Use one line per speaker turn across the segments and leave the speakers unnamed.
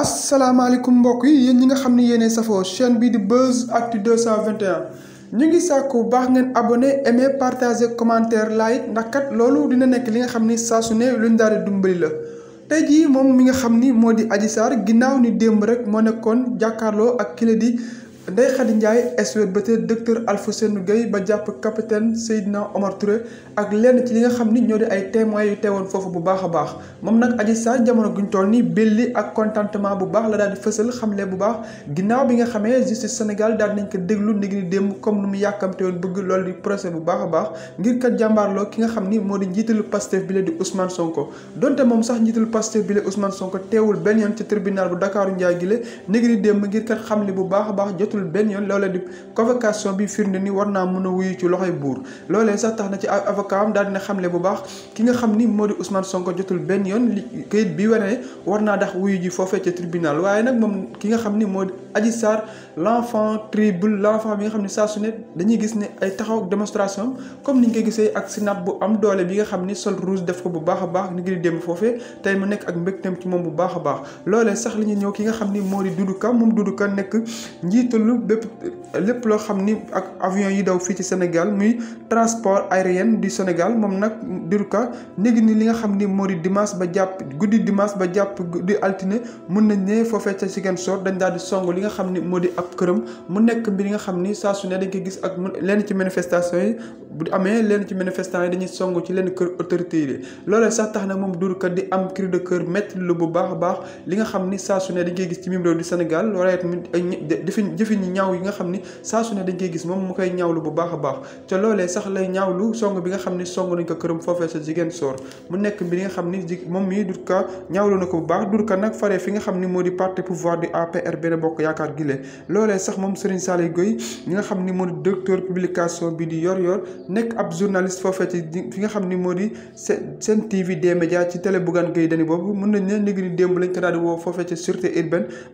asalaamaaleykum mbokk yi yéen ñi nga xam ne yéenay safoo chaîne bii di Buzz Actu 221 ñu ngi bu baax ngeen abone aimé partage commentaire like ndax kat loolu dina nekk li nga xam ni saa su ne luñ daal di dumbali la. tey jii moom mi nga xam ni moo di Adji Sarr ginnaaw ni démb rek moo nekkoon jàkkaarloo ak kile di Ndeye Khady Ndiaye SWR ba tey docteur Alphousseynou Gueye ba jàpp capitaine Seydina Omar Touré ak lenn ci li nga xam ni ñoo di ay témoins yu teewoon foofu bu baax a baax moom nag Adji Sarr jamono guñ toll nii belli ak contentement bu baax la daal di fësal xamle bu baax ginnaaw bi nga xamee justice Sénégal daal nañ ko déglu ndig ni démb comme nu mu yàkkamte woon bëgg loolu di procès bu baax a baax ngir kat jàmbaarloo ki nga xam ni moo di njiitalu Pastef bi la di Ousmane Sonko donte moom sax njiitalu Pastef bi la Ousmane Sonko teewul benn yoon ci bu Dakaaru Ndiaye gi la ndig ni démb ngir kat bu baax a baax jotul moytul benn yoon di convocation bi firnde ni war naa mën a wuyu ci loxoy buur loolee sax tax na ci avocat am daal dina xamle bu baax ki nga xam ni moo di Ousmane Sonko jotul yoon li kayit bi wane ne naa dax wuyu ji foofee ca tribunal waaye nag moom ki nga xam ni moo di Adji Sarr l'enfant tribul l'enfant bi nga xam ne saa su ne dañuy gis ne ay taxaw démonstration comme ni ñu koy gisee ak sinap bu am doole bi nga xam ni sol rouge def ko bu baax a baax ni ngi di démb foofee tey mu nekk ak mbégteem ci moom bu baax a baax loolee sax li ñëw ki nga xam ni moo di Doudou Ka moom Doudou Ka lu lépp loo xam ni ak avion yi daw fii ci Sénégal muy transport aérien du Sénégal moom nag Durka léegi ni li nga xam ni moo di dimaas ba jàpp guddi dimaas ba jàpp di altine mun nañ ne foofee ca Ziguinchor dañ daal di song li nga xam ni moo di ab këram mu nekk mbir nga xam ni saa su ne dañ koy gis ak lenn ci manifestation yi bu amee lenn ci manifestant yi dañuy song ci lenn kër autorité yi loolee sax tax na moom Durka di am cri de cœur métti lu bu baax a baax li nga xam ni saa ne dañ koy gis ci mim di Sénégal jëfin yi ñaaw yi nga xam ni a bi nga xam ni song nañ ko këram foofee fi nga xam ni moo di parti publication bi di yor yor nekk ab journaliste foofee ci fi nga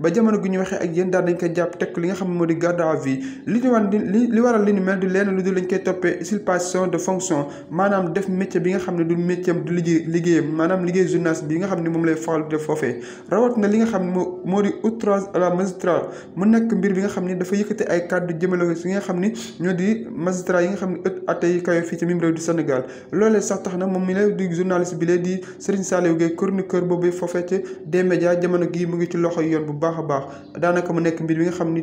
ba jamono gu ñu waxee ak yéen daal dañ ko jàpp tekk li nga xam moo di garde à vue li waral li ni mel du leen lu dul lañ koy toppee usurpation de fonction maanaam def métier bi nga xam ne du métier am du liggéey liggéeyam maanaam liggéey journaliste bi nga xam ne moom lay faral def foofee rawat na li nga xam ne moo moo di outrage à la mu nekk mbir bi nga xam ni dafa yëkkate ay kàddu jëmale si nga xam ne ñoo di magistrat yi nga xam ne ëtt atte yi fii ci mim réew du Sénégal loolee sax tax na moom mi lay di journaliste bi lay di Serigne Saliou Gueye chroniqueur boobu foofee ci des médias jamono gii mu ngi ci loxo yoon bu baax a baax daanaka mu nekk mbir bi nga xam ne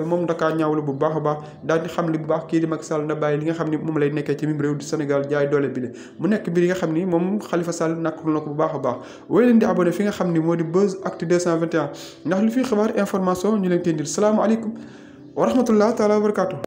Sall moom dakaa ñaawlu bu baax a baax daal di xam li bu baax kii di Macky Sall na bàyyi li nga xam ni moom lay nekkee ci mim réew di Sénégal jaay doole bi le mu nekk mbir yi nga xam ni moom Khalifa Sall nakkul na ko bu baax a baax wooyu leen di abonné fi nga xam ni moo di Buzz Actu 221 ndax lu fi xibaar information ñu leen tey ndil salaamaaleykum wa rahmatullah taala wa